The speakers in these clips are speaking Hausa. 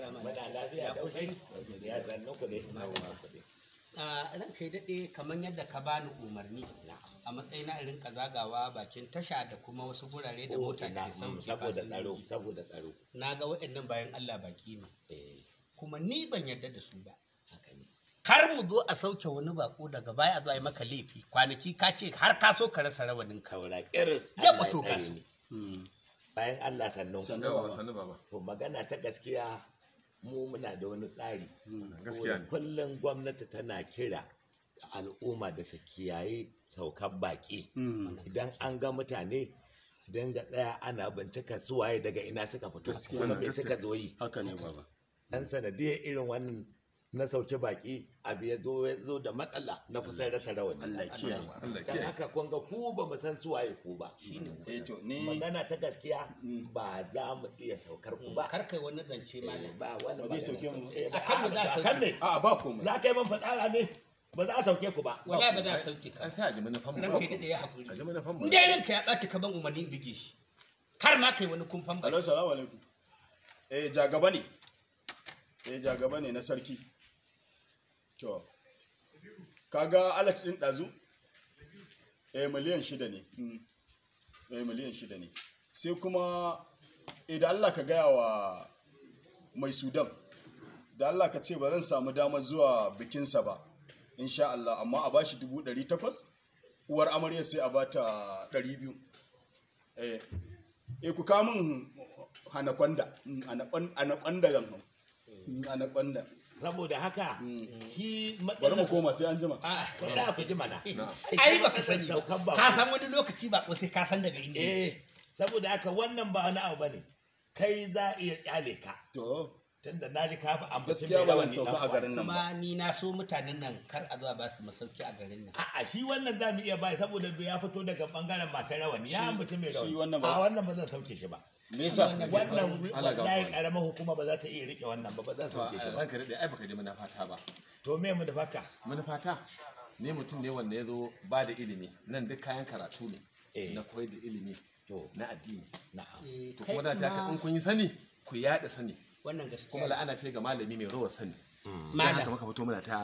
muna lafiya da kai ya zanna ku dai na ran kai daɗe kamar yadda ka bani umarni a matsayin na irin zagawa bakin tasha da kuma wasu gurare da oh, mota ke sauki saboda tsaro saboda tsaro na ga waɗannan bayan Allah baki ne eh. kuma ni ban yarda da su ba kar mu zo a sauke wani bako daga baya zo a yi maka laifi kwanaki ka ce har ka so ka rasa rawanin ka wala kiris ya to ka hmm. bayan Allah sannan ku magana ta gaskiya mu muna da wani tsari hmm, kullum gwamnati tana kira al'umma da su kiyaye saukar baki hmm. idan an ga mutane dinga tsaya ana bincika su waye daga ina suka fito kuma suka zo yi haka ne baba dan sanadiyar irin wannan na sauke baki abu ya zo da matsala na kusan rasa rawani Allah kiyaye dan haka kun ga ku ba mu san suwaye ku ba eh, magana ta gaskiya mm. ba za mu iya saukar ku ba mm. kar kai wani zance eh, ma ba wani ba zai sauke mu kan mu za a sauke a ba ku za kai man fadara ne ba za a sauke ku ba wallahi ba za a sauke ka sai a na famu ranka ya dade ya hakuri a na famu dai ranka ya baci ka ban umarnin bige shi kar ma kai wani kumfan ba assalamu alaikum eh gaba ne eh gaba ne na sarki to kaga alex din dazu eh miliyan 6 ne eh miliyan 6 ne sai kuma idan allah ka gaya wa mai sudan da allah ka ce ba zan samu damar zuwa bikin sa ba insha allah amma a bashi 1800 uwar amarya sai a bata 200 eh eh ku kamun hanakwanda hanakwanda zan hau anaconda saboda haka hmm. shi bari mu koma sai an jima a ah, da ku jima na ai ka sani ka san wani lokaci ba ko sai ka san daga inda eh saboda haka wannan ba wani abu bane kai za iya kyale ka to tunda na ji kafa an gaskiya ba zan sauka a garin kuma ni na so mutanen nan kar a zuwa ba su masauki a garin nan a'a shi wannan za mu iya bai saboda ya fito daga bangaren masu ne ya ambaci mai rawani a wannan ba zan sauke shi ba me wannan wallahi karamar hukuma ba za ta iya rike wannan ba ba zan sauke shi ba ranka dade ai baka ji muna fata ba to me da fata mun fata ne mutum ne wanda ya zo ba da ilimi nan duk kayan karatu ne eh. na koyar da ilimi na addini na'am to kuma da in kun yi sani ku yada sani wannan gaskiya kuma la'ana ce ga malami mai rawar sani mm. malam kuma ka fito mana ta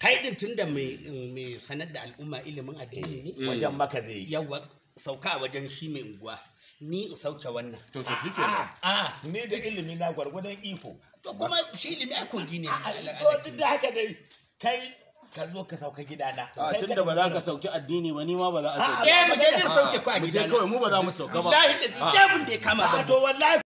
kai tunda mai mai sanar da al'umma ilimin addini ne mm. wajen maka zai yawa sauka wajen shi mai unguwa ni in sauke wannan to to ah, shi kenan a ah, ah. ni da ilimi na gwargwadon iko to kuma shi ilimi a kogi ne to da haka dai kai ka zo ka sauka gidana a tun da ba za ka sauki addini ba ni ma ba za a sauke eh mu je din sauke ko a gidana mu je kawai mu ba za mu sauka ba lahi da jabin da ya kama ba to wallahi